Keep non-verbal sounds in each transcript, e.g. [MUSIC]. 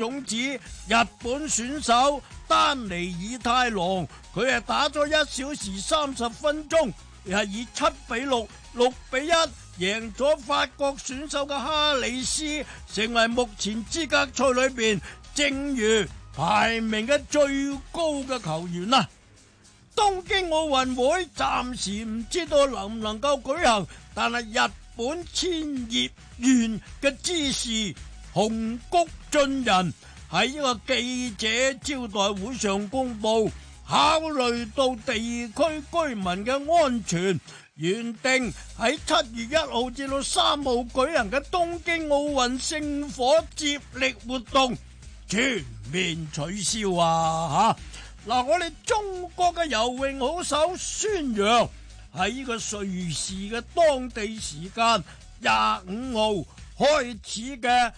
種子日本選手丹尼爾太郎，佢係打咗一小時三十分鐘，係以七比六、六比一贏咗法國選手嘅哈里斯，成為目前資格賽裏邊正如排名嘅最高嘅球員啦。東京奧運會暫時唔知道能唔能夠舉行，但係日本千葉縣嘅支持。紅谷俊人喺呢個記者招待會上公布，考慮到地區居民嘅安全，原定喺七月一號至到三號舉行嘅東京奧運聖火接力活動全面取消啊！吓，嗱，我哋中國嘅游泳好手孫楊喺呢個瑞士嘅當地時間廿五號開始嘅。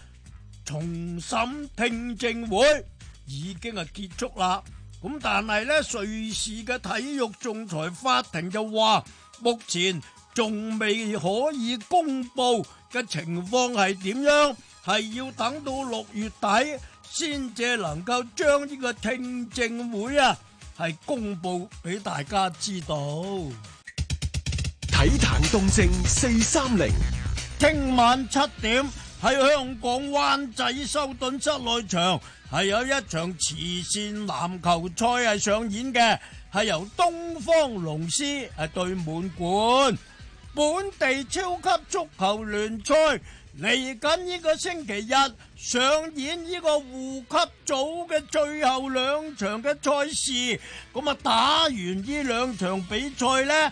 重審聽證會已經係結束啦，咁但係咧，瑞士嘅體育仲裁法庭就話，目前仲未可以公布嘅情況係點樣，係要等到六月底先至能夠將呢個聽證會啊係公布俾大家知道。體壇動靜四三零，聽晚七點。喺香港灣仔修頓室內場係有一場慈善籃球賽係上演嘅，係由東方龍獅係對滿貫。本地超級足球聯賽，嚟緊呢個星期日上演呢個護級組嘅最後兩場嘅賽事，咁啊打完呢兩場比賽呢。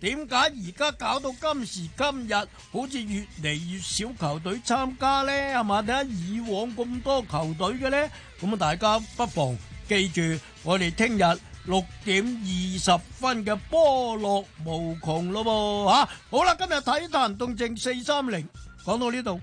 點解而家搞到今時今日好似越嚟越少球隊參加呢？係嘛？睇下以往咁多球隊嘅呢，咁啊大家不妨記住，我哋聽日六點二十分嘅波樂無窮咯噃吓！好啦，今日體壇動靜四三零，講到呢度。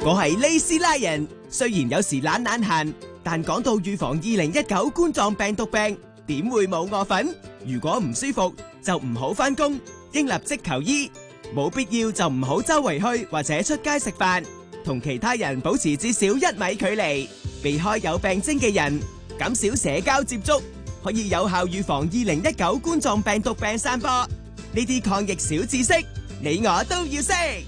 我係拉斯拉人，雖然有時懶懶閒。但講到預防二零一九冠狀病毒病，點會冇我份？如果唔舒服，就唔好返工，應立即求醫。冇必要就唔好周圍去或者出街食飯，同其他人保持至少一米距離，避開有病徵嘅人，減少社交接觸，可以有效預防二零一九冠狀病毒病散播。呢啲抗疫小知識，你我都要識。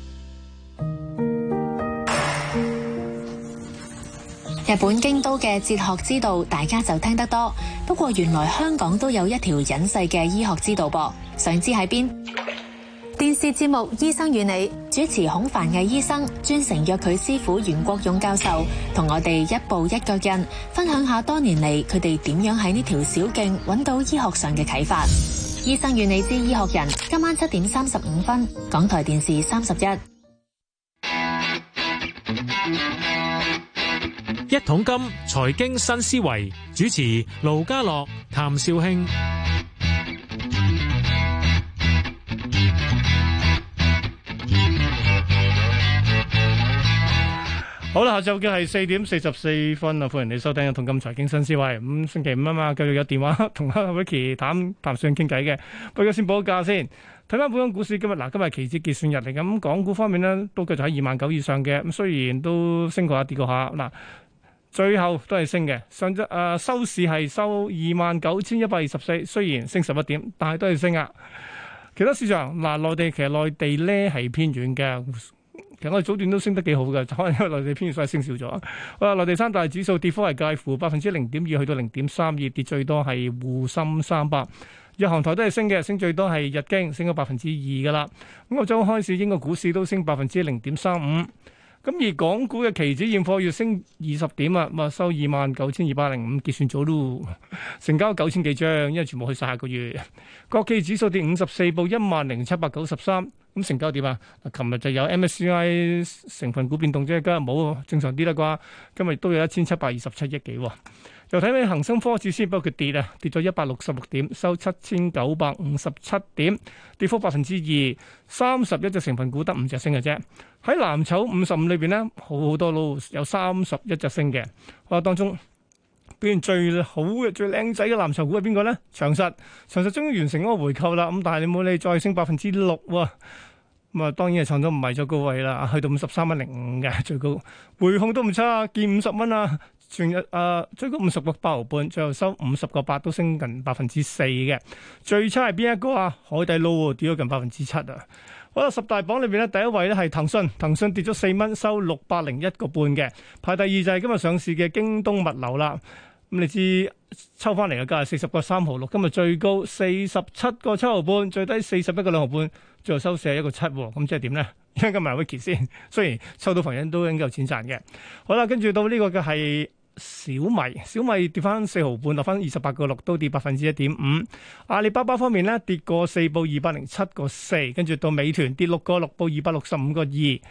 日本京都嘅哲學之道，大家就聽得多。不過原來香港都有一條隱世嘅醫學之道噃，想知喺邊？ [LAUGHS] 電視節目《醫生與你》主持孔繁毅醫生，專程約佢師傅袁國勇教授，同我哋一步一腳印，分享下多年嚟佢哋點樣喺呢條小徑揾到醫學上嘅啟發。《 [LAUGHS] 醫生與你之醫學人》，今晚七點三十五分，港台電視三十一。統金財經新思維，主持盧家樂、譚紹興，好啦，下晝嘅係四點四十四分啊！歡迎你收聽《同金財經新思維》。咁星期五啊嘛，繼續有電話同阿 Vicky 譚、譚紹興傾偈嘅。不過先補個價先，睇翻本港股市今日嗱，今日期指結算日嚟。咁港股方面呢，都繼續喺二萬九以上嘅。咁雖然都升過一跌過下嗱。最後都係升嘅。上日誒、呃、收市係收二萬九千一百二十四，雖然升十一點，但係都係升啊。其他市場嗱、呃，內地其實內地咧係偏軟嘅，其實我哋早段都升得幾好嘅，可能因為內地偏軟所以升少咗。哇，內地三大指數跌幅係介乎百分之零點二去到零點三二，而跌最多係滬深三百。日韓台都係升嘅，升最多係日經，升咗百分之二噶啦。咁澳洲開市，英國股市都升百分之零點三五。咁而港股嘅期指現貨要升二十點啊，咪收二萬九千二百零五，結算咗咯。成交九千幾張，因為全部去晒下個月。國企指數跌五十四，報一萬零七百九十三。咁成交點啊？嗱，琴日就有 MSCI 成分股變動啫，今日冇，正常啲啦啩。今日都有一千七百二十七億幾。又睇下恒生科指先，不過佢跌啊，跌咗一百六十六點，收七千九百五十七點，跌幅百分之二。三十一隻成分股得五隻升嘅啫。喺藍籌五十五裏邊咧，好好多咯，有三十一隻升嘅。我話當中表現最好嘅，最靚仔嘅藍籌股係邊個咧？長實，長實終於完成嗰個回購啦。咁但係你冇理，再升百分之六喎。咁啊，當然係創咗唔係咗高位啦，去到五十三蚊零五嘅最高。滙控都唔差，見五十蚊啦。全日啊，呃，最高五十個八毫半，最後收五十個八，都升近百分之四嘅。最差係邊一個啊？海底撈跌咗近百分之七啊！好啦，十大榜裏邊咧第一位咧係騰訊，騰訊跌咗四蚊，收六百零一個半嘅。排第二就係今日上市嘅京東物流啦。咁、嗯、你知抽翻嚟嘅價四十個三毫六，今日最高四十七個七毫半，最低四十一個兩毫半，最後收四十一個七。咁、哦嗯、即係點咧？一陣間埋 Vicky 先，雖然抽到朋友都應該有錢賺嘅。好啦，跟住到呢個嘅係。小米，小米跌翻四毫半，落翻二十八個六，都跌百分之一點五。阿里巴巴方面呢，跌個四報二百零七個四，跟住到美團跌六個六報二百六十五個二。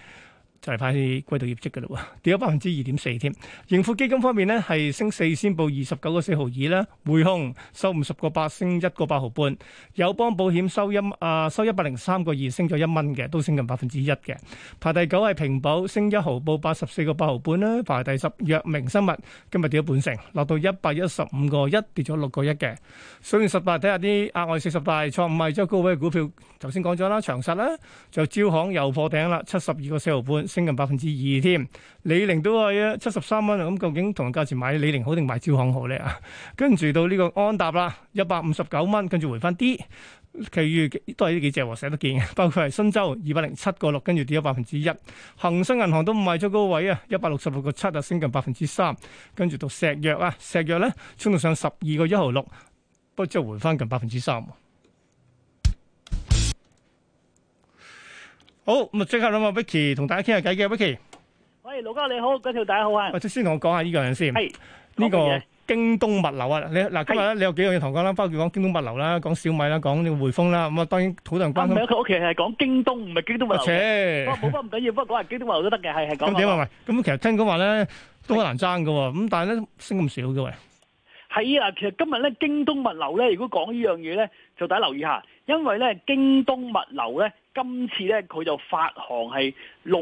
就係睇季度業績嘅咯喎，跌咗百分之二點四添。盈富基金方面咧，係升四仙報二十九個四毫二啦，匯控收五十個八，升一個八毫半。友邦保險收一啊收一百零三個二，升咗一蚊嘅，都升近百分之一嘅。排第九係平保，升一毫報八十四個八毫半啦。排第十，藥明生物今日跌咗半成，落到一百一十五個一，跌咗六個一嘅。所以十八睇下啲額外四十大，錯唔係，即係高位嘅股票。頭先講咗啦，長實啦，就招行又破頂啦，七十二個四毫半。升近百分之二添，李寧都係啊七十三蚊，咁究竟同價錢買李寧好定買招行好咧啊？跟 [LAUGHS] 住到呢個安踏啦，一百五十九蚊，跟住回翻啲，其餘都係呢幾隻和社都見嘅，包括係新洲二百零七個六，跟住跌咗百分之一，恒生銀行都唔賣咗高位啊，一百六十六個七啊，升近百分之三，跟住到石藥啊，石藥咧沖到上十二個一毫六，不過即係回翻近百分之三。好咁啊！即刻諗下，Vicky 同大家傾下偈嘅，Vicky。喂，老哥你好，嗰條友大家好啊。即先同我講下呢個人先。係。呢個京東物流啊，你嗱今日咧你有幾樣嘢同我講啦，包括講京東物流啦，講小米啦，講呢匯豐啦。咁啊，當然好多人。唔係啊，佢其實係講京東，唔係京東物流。切。不過唔緊要，不過講係京東物流都得嘅，係係咁。點啊？咁其實聽講話咧都好難爭嘅，咁但係咧升咁少嘅喂。係啊，其實今日咧京東物流咧，如果講呢樣嘢咧，就大家留意下，因為咧京東物流咧。今次咧，佢就發行係六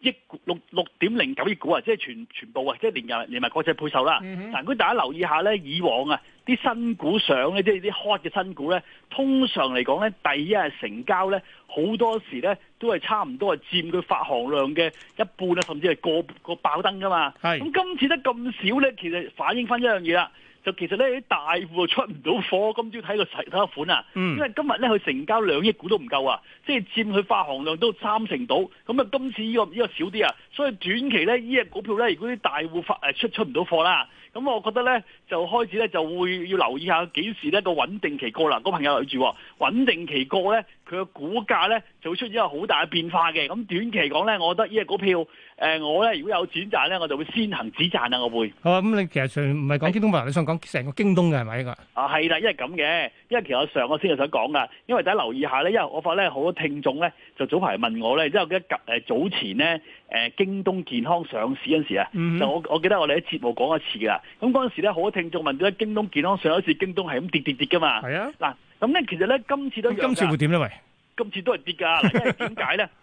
億六六點零九億股啊，即係全全部啊，即係連夾連埋國際配售啦。嗯、哼但如果大家留意下咧，以往啊啲新股上咧，即係啲 hot 嘅新股咧，通常嚟講咧，第一日成交咧，好多時咧都係差唔多係佔佢發行量嘅一半啊，甚至係個個爆燈㗎嘛。咁是今次得咁少咧，其實反映翻一樣嘢啦。就其實咧，啲大戶出唔到貨。今朝睇個睇個款啊，因為今日咧佢成交兩億股都唔夠啊，即係佔佢發行量都三成到。咁啊，今次呢、呢個、呢個少啲啊，所以短期咧呢隻股票咧，如果啲大戶發誒出出唔到貨啦，咁我覺得咧就開始咧就會要留意下幾時咧個穩定期過啦。個朋友留住穩定期過咧。佢嘅股價咧就會出現一個好大嘅變化嘅，咁短期講咧，我覺得呢隻股票，誒我咧如果有錢賺咧，我就會先行止賺啦，我會。好啊，咁你其實唔係講京東物流，你想講成個京東嘅係咪呢個？啊係啦，因為咁嘅，因為其實我上次係想講噶，因為大家留意下咧，因為我發咧好多聽眾咧就早排問我咧，因為我記得誒早前咧誒京東健康上市嗰陣時啊，就我我記得我哋喺節目講一次噶，咁嗰陣時咧好多聽眾問到咧京東健康上一次京東係咁跌跌跌噶嘛。係啊。嗱。咁咧，其實咧，今次都係跌。今次會點咧？喂，今次都係跌㗎。嗱，因為點解咧？ [LAUGHS]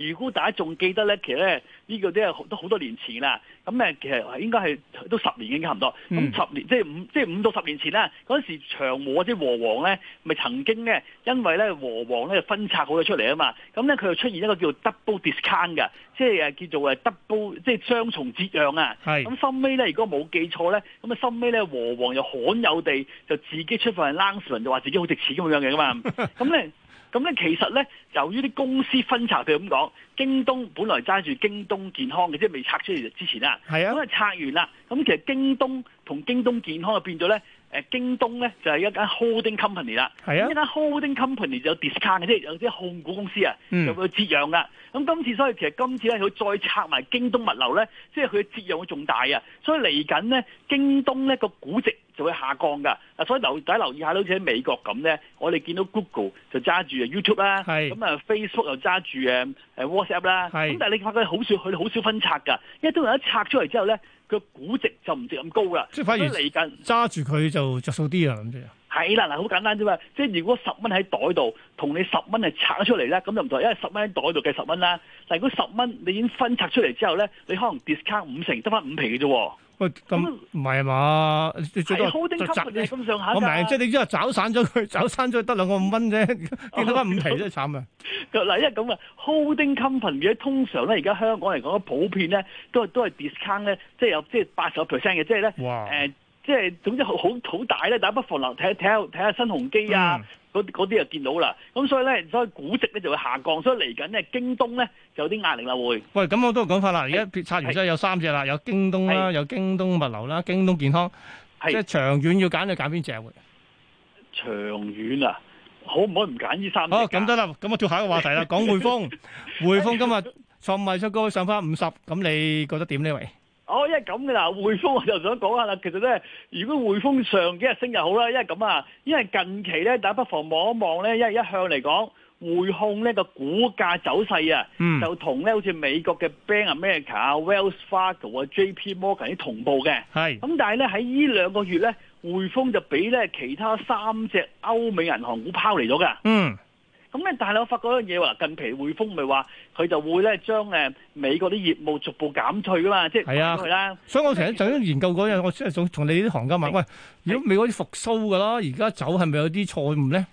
如果大家仲記得咧，其實咧呢個啲係都好多年前啦。咁誒，其實應該係都十年已經差唔多。咁、嗯、十年即係五即係五到十年前啦。嗰時長和啲和黃咧，咪曾經咧因為咧和黃咧分拆好咗出嚟啊嘛。咁咧，佢又出現一個叫做 double discount 嘅，即係誒叫做誒 double 即係雙重折讓啊。咁是、嗯、後尾咧，如果冇記錯咧，咁啊後尾咧和黃又罕有地就自己出份去 launch 就話自己好值錢咁樣嘅嘛。咁、嗯、咧。 [LAUGHS] 咁咧，其實咧，由於啲公司分拆，佢咁講。京東本來揸住京東健康嘅，即係未拆出嚟之前啦。係啊，咁啊拆完啦。咁其實京東同京東健康就變咗咧，誒京東咧就係一間 holding company 啦。係啊，一間 holding company 就有 discount 嘅，即係有啲控股公司啊，就會有折讓啦。咁、嗯、今次所以其實今次咧佢再拆埋京東物流咧，即係佢嘅折讓會仲大啊。所以嚟緊咧，京東咧個估值就會下降㗎。所以大家留意下，好似喺美國咁咧，我哋見到 Google 就揸住啊 YouTube 啦是，咁啊、嗯、Facebook 又揸住誒誒執啦，咁是但係你發覺好少，佢好少分拆㗎，因為當日一拆出嚟之後咧，佢個估值就唔值咁高啦。即係反而嚟緊揸住佢就着數啲啊！咁啫，係啦，嗱，好簡單啫嘛。即係如果十蚊喺袋度，同你十蚊係拆咗出嚟咧，咁就唔同，因為十蚊喺袋度計十蚊啦。但如果十蚊你已經分拆出嚟之後咧，你可能 discount 五成，得翻五皮嘅啫。喂，咁唔係啊嘛，最多我，多我明，即係你一找散咗佢，找散咗得兩個五蚊啫，見到返五皮真係慘啊！嗱，因為咁啊，holding company 通常咧，而家香港嚟講普遍咧，都係都係 discount 咧，即係有即係八十個 percent 嘅，即係咧。即係總之好好好大咧，但係不妨留睇睇下睇下新鴻基啊，嗰嗰啲就見到啦。咁所以咧，所以估值咧就會下降。所以嚟緊咧，京東咧就有啲壓力啦。會喂，咁我都講法啦。而家分拆完之後有三隻啦，有京東啦，有京東物流啦，京東健康。係即係長遠要揀就揀邊隻？長遠啊，可唔可以唔揀呢三？好，咁得啦，咁我跳下一個話題啦。講匯豐，匯豐今日創賣出高上返五十，咁你覺得點呢？喂？哦，因為咁嘅啦，匯豐我就想講下啦。其實咧，如果匯豐上幾日升就好啦，因為咁啊，因為近期咧，大家不妨望一望咧，因為一向嚟講，匯控呢個股價走勢啊，就同咧好似美國嘅 Bank of America 啊、Wells Fargo 啊、JP Morgan 啲同步嘅。係是。咁但係咧，喺呢兩個月咧，匯豐就畀咧其他三隻歐美銀行股拋離咗嘅。嗯。咁咧，但係我發覺一樣嘢喎，嗱，近期匯豐咪話佢就會咧將誒美國啲業務逐步減退噶嘛，即係減佢啦。所以我成日就喺研究嗰陣，我即係想同你啲行家問：喂，如果美國啲復甦噶啦，而家走係咪有啲錯誤咧？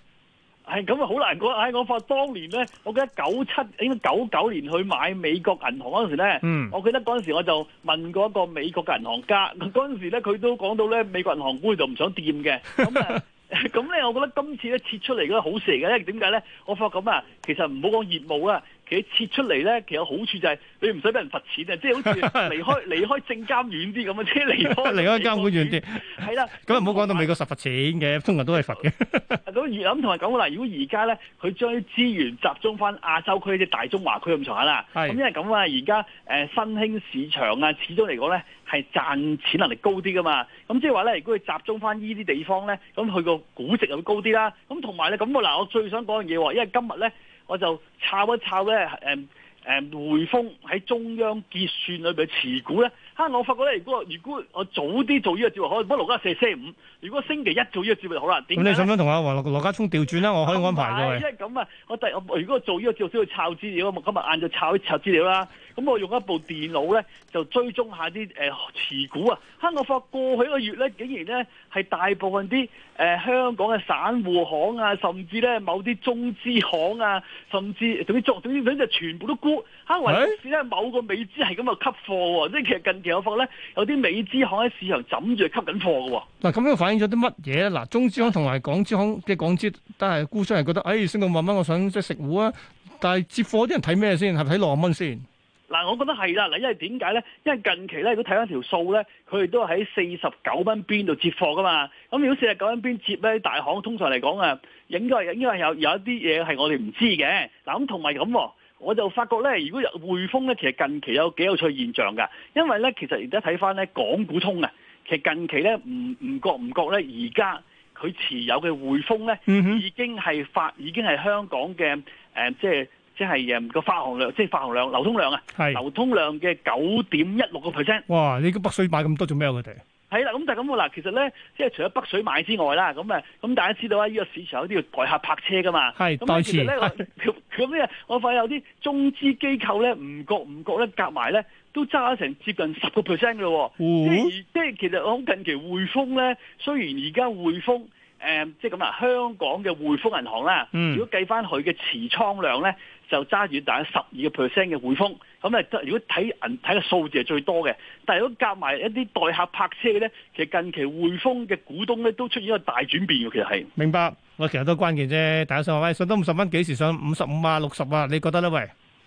係咁啊，好難講。唉，我發當年咧，我記得九七應該九九年去買美國銀行嗰陣時咧，我記得嗰陣時我就問過一個美國嘅銀行家，嗰陣時咧佢都講到咧美國銀行股佢就唔想掂嘅。咁咧， [LAUGHS] 我覺得今次咧切出嚟嗰個好事嘅咧，點解咧？我發覺咁啊，其實唔好講業務啊。其實切出嚟咧，其實有好處就係你唔使俾人罰錢啊！即係好似離開 [LAUGHS] 離開政監遠啲咁啊，即係離開離開監管遠啲。係啦的，咁唔好講到美國實罰錢嘅，中國、嗯、都係罰嘅。咁而諗同埋講嗱，如果而家咧佢將啲資源集中翻亞洲區即大中華區咁上下啦，咁是因為咁啊，而家誒新興市場啊，始終嚟講咧係賺錢能力高啲噶嘛。咁即係話咧，如果佢集中翻依啲地方咧，咁佢個估值又高啲啦。咁同埋咧，咁啊嗱，我最想講嘅嘢喎，因為今日咧。我就炒一炒咧，誒、嗯、誒，匯豐喺中央結算裏邊持股咧。哈、啊！我發覺咧，如果如果我早啲做呢個節目，可唔可羅家四四五？如果星期一做個呢個節目，易，好啦。咁你想唔想同阿羅羅家聰調轉咧？我可以安排㗎。係即係咁啊！我第我如果我做呢個節目，先去炒資料啊！我今日晏就炒一炒資料啦。咁、嗯、我用一部電腦咧，就追蹤下啲誒持股啊。香港發過去一個月咧，竟然咧係大部分啲誒、呃、香港嘅散戶行啊，甚至咧某啲中資行啊，甚至總之作總之就全部都沽嚇，還市咧某個美資係咁啊吸貨喎、啊。即係、欸、其實近期呢有發咧有啲美資行喺市場枕住吸緊貨㗎、啊、喎。嗱，咁樣反映咗啲乜嘢咧？嗱，中資行同埋港資行嘅港資，但係沽商係覺得誒升到萬蚊，我想即係食糊啊。但係接貨啲人睇咩先？係睇六啊蚊先？嗱，我覺得係啦，嗱，因為點解咧？因為近期咧，如果睇翻條數咧，佢哋都係喺四十九蚊邊度接貨噶嘛。咁如果四十九蚊邊接咧，大行通常嚟講啊，應該應該有有一啲嘢係我哋唔知嘅。嗱，咁同埋咁，我就發覺咧，如果有匯豐咧，其實近期有幾有趣現象㗎。因為咧，其實而家睇翻咧，港股通啊，其實近期咧，唔唔覺唔覺咧，而家佢持有嘅匯豐咧，已經係發，已經係香港嘅誒，即係。即係誒個發行量，即係發行量、流通量啊！係是流通量嘅九點一六個 percent。哇！你啲北水買咁多做咩？佢哋係啦，咁就咁啦。其實咧，即係除咗北水買之外啦，咁誒，咁大家知道啊，呢個市場有啲要代客泊車噶嘛。係是、嗯、代持。咁咧， [LAUGHS] 我發現有啲中資機構咧，唔覺唔覺咧，夾埋咧都揸成接近十個 percent 嘅喎。即係即係，其實我近期匯豐咧，雖然而家匯豐。誒，即係咁啊！香港嘅匯豐銀行啦，如果計翻佢嘅持倉量咧，就揸住大約十二個 percent 嘅匯豐。咁咧，如果睇銀睇嘅數字係最多嘅。但係如果夾埋一啲代客泊車嘅咧，其實近期匯豐嘅股東咧都出現一個大轉變嘅，其實係。明白，我其實都關鍵啫。大家想話喂，上到五十蚊，幾時上五十五啊、六十啊？你覺得咧？喂，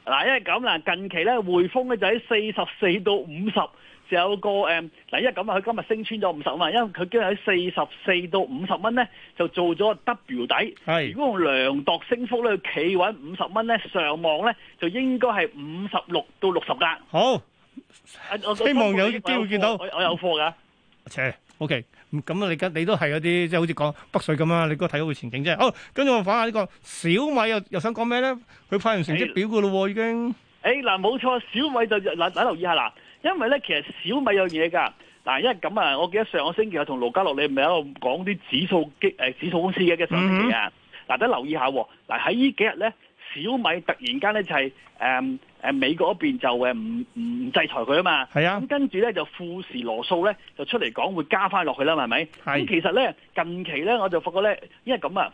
嗱，因為咁啦，近期咧匯豐咧就喺四十四到五十。有個誒，嗱，因為咁啊，佢今日升穿咗五十蚊，因為佢今日喺四十四到五十蚊咧，就做咗個 W 底。係如果用量度升幅咧，企穩五十蚊咧，上望咧就應該係五十六到六十噶。好，希望有啲機會見到。我有貨噶，切 OK，咁啊，你今你都係嗰啲，即係好似講北水咁啊，你都睇到前景啫。哦，跟住我翻下呢個小米又又想講咩咧？佢發完成績表噶啦，已經。誒，嗱，冇錯，小米就嗱，等留意下嗱。因為咧，其實小米有嘢噶，嗱，因為咁啊，我記得上個星期我同盧家樂你咪喺度講啲指數基誒指數公司嘅嘅事情啊，嗱、嗯嗯，大家留意下喎、啊，嗱喺呢幾日咧，小米突然間咧就係誒誒美國嗰邊就誒唔唔制裁佢啊嘛，係啊，咁跟住咧就富時羅素咧就出嚟講會加翻落去啦，係咪？係是，咁其實咧近期咧我就發覺咧，因為咁啊，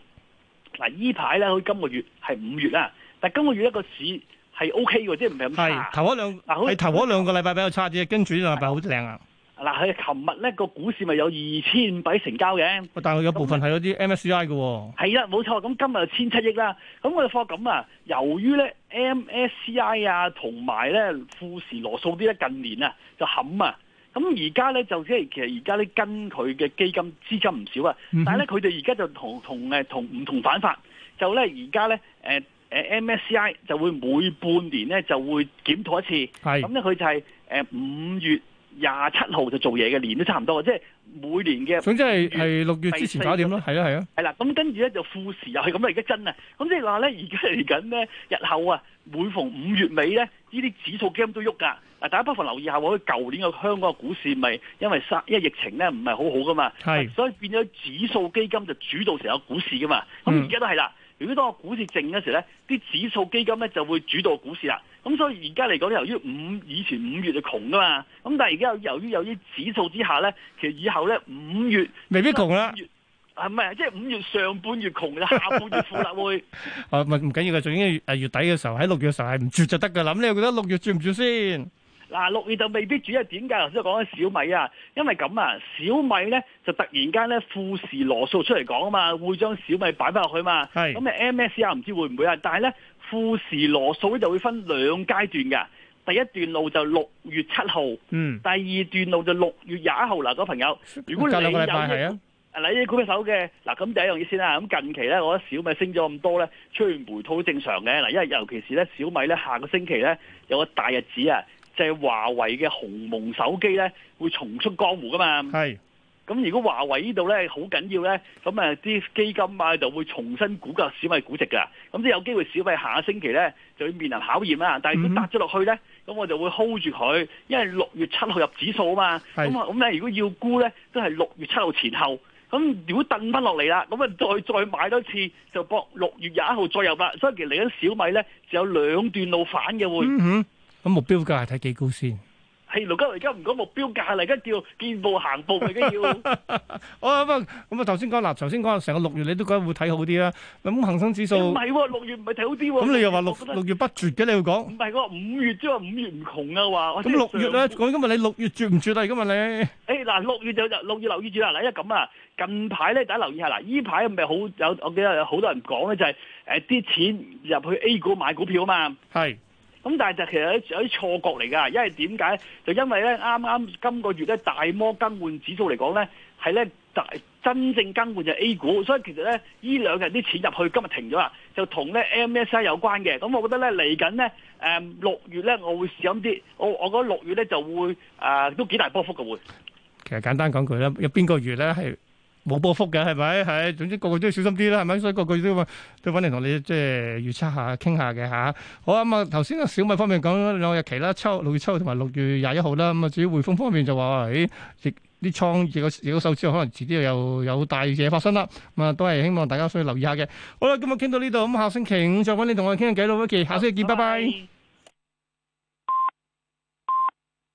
嗱呢排咧好似今個月係五月啦、啊，但今個月一個市。係 O K 嘅，即係唔係咁差。係頭嗰兩，你、啊、頭兩個禮拜比較差啲，跟住呢個禮拜好正啊！嗱、啊，佢琴日咧個股市咪有二千五百億成交嘅，但係有部分係嗰啲 M S C I 嘅。係啦，冇錯。咁今日億就千七億啦。咁我哋貨咁啊，由於咧 M S C I 啊，同埋咧富時羅素啲咧近年啊就冚啊。咁而家咧就即係其實而家咧跟佢嘅基金資金唔少啊。但係咧佢哋而家就同同誒同唔同反法，就咧而家咧誒。誒，MSCI 就會每半年咧就會檢討一次，咁咧佢就係誒五月廿七號就做嘢嘅，年都差唔多，即係每年嘅。總之係係六月之前搞掂咯，係、嗯、啊，係啊，係啦、啊，咁跟住咧就富時又係咁啦，而家真啊，咁即係話咧而家嚟緊咧，日後啊，每逢五月尾咧，呢啲指數基金都喐噶。啊，大家不妨留意下，我哋舊年嘅香港嘅股市，咪因為三因為疫情咧唔係好好噶嘛，係是，所以變咗指數基金就主導成個股市噶嘛，咁而家都係啦。如果當個股市靜嗰時咧，啲指數基金咧就會主導股市啦。咁、嗯、所以而家嚟講由於五以前五月就窮噶嘛，咁但係而家由於有啲指數之下咧，其實以後咧五月未必窮啦。五月，係咪啊？即係五月上半月窮，嘅，下半月富啦 [LAUGHS] 會。 [LAUGHS] 啊唔唔緊要嘅，仲緊要月，月底嘅時候喺六月嘅時候係唔絕就得嘅啦。咁你又覺得六月轉唔轉先？嗱，六月就未必主，啊點解頭先講緊小米啊？因為咁啊，小米咧就突然間咧富時羅素出嚟講啊嘛，會將小米擺翻落去嘛。咁你 m s c 唔是知會唔會啊？但係咧，富時羅素咧就會分兩階段嘅，第一段路就六月七號，嗯、第二段路就六月廿一號。嗱，個朋友，如果你有個禮啊，嗱，你舉下手嘅。嗱，咁第一樣嘢先啦。咁近期咧，我覺得小米升咗咁多咧，出現回吐都正常嘅。嗱，因為尤其是咧小米咧，下個星期咧有個大日子啊。就係華為嘅鴻蒙手機咧，會重出江湖噶嘛？係是。咁如果華為呢度咧好緊要咧，咁誒啲基金啊就會重新估價小米估值噶。咁即係有機會小米下個星期咧就要面臨考驗啦。但係如果踏咗落去咧，咁我就會 hold 住佢，因為六月七號入指數啊嘛。咁啊是，咁咧如果要估咧，都係六月七號前後。咁如果掟翻落嚟啦，咁啊再再買多次，就搏六月廿一號再入啦。所以其實嚟緊小米咧，就有兩段路反嘅會。咁目標價係睇幾高先？係盧吉，而家唔講目標價啦，而家叫見步行步咪緊要。哦，咁啊，頭先講嗱，頭先講成個六月你都覺得會睇好啲啦。咁恒生指數唔係六月唔係睇好啲喎。咁你又話六六月不絕嘅，你要講唔係喎五月，即係五月唔窮啊，話咁六月咧，講今日你六月絕唔絕啦？今日你誒嗱，六月就六月留意住啦。嗱，因為咁啊，近排咧，大家留意下嗱，呢排唔係好有，我記得有好多人講咧，就係誒啲錢入去 A 股買股票啊嘛，係。咁但係就其實有啲錯覺嚟㗎，因為點解？就因為咧啱啱今個月咧大摩更換指數嚟講咧，係咧就真正更換就 A 股，所以其實咧呢兩日啲錢入去今日停咗啦，就同咧 MSI 有關嘅。咁我覺得咧嚟緊咧誒六月咧，我會試諗啲，我我覺得六月咧就會誒、呃、都幾大波幅嘅會。其實簡單講句咧，有邊個月咧係？冇波幅嘅，係咪？係，總之個，個個都要小心啲啦，係咪？所以個個，個都都揾嚟同你即係預測下、傾下嘅吓、啊。好啊，咁、嗯、啊，頭先啊小米方面講兩個日期啦，秋六月七號同埋六月廿一號啦。咁啊，至於滙豐方面就話誒，啲創二個二個數字可能遲啲又有有大嘢發生啦。咁、嗯、啊，都係希望大家需要留意下嘅。好啦，今日傾到呢度，咁下星期再五再揾你同我傾下偈咯，不如下星期見，拜拜。